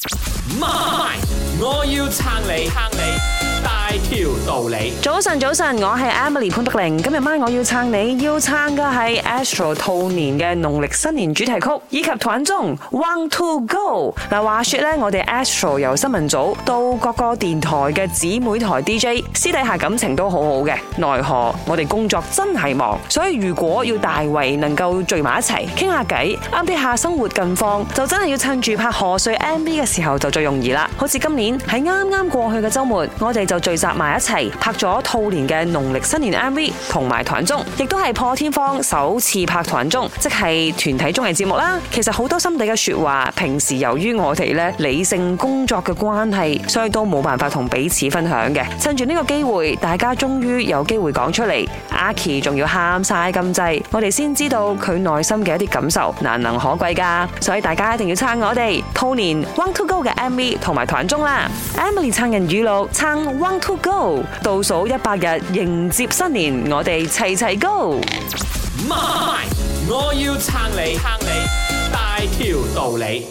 媽咪，My，我要撐你，撐你。大條道理，早晨早晨，我係 Emily 潘德玲。今日晚我要撐你，要撐嘅係 Astro 兔年嘅農曆新年主題曲，以及團綜 One Two Go。嗱，話說咧，我哋 Astro 由新聞組到各個電台嘅姊妹台 DJ，私底下感情都好好嘅。奈何我哋工作真係忙，所以如果要大圍能夠聚埋一齊傾下偈，啱啲下生活近況，就真係要趁住拍賀歲 MV 嘅時候就最容易啦。好似今年喺啱啱過去嘅周末，我哋。就聚集埋一齊拍咗兔年嘅農曆新年 MV 同埋團綜，亦都係破天荒首次拍團綜，即係團體綜藝節目啦。其實好多心底嘅說話，平時由於我哋咧理性工作嘅關係，所以都冇辦法同彼此分享嘅。趁住呢個機會，大家終於有機會講出嚟。阿 k 仲要喊晒咁滯，我哋先知道佢內心嘅一啲感受，難能可貴噶。所以大家一定要撐我哋兔年 One Two Go 嘅 MV 同埋團綜啦。Emily 撐人語錄，撐。One two go！倒數一百日迎接新年，我哋齊齊 go！我要撐你，撐你，大條道理。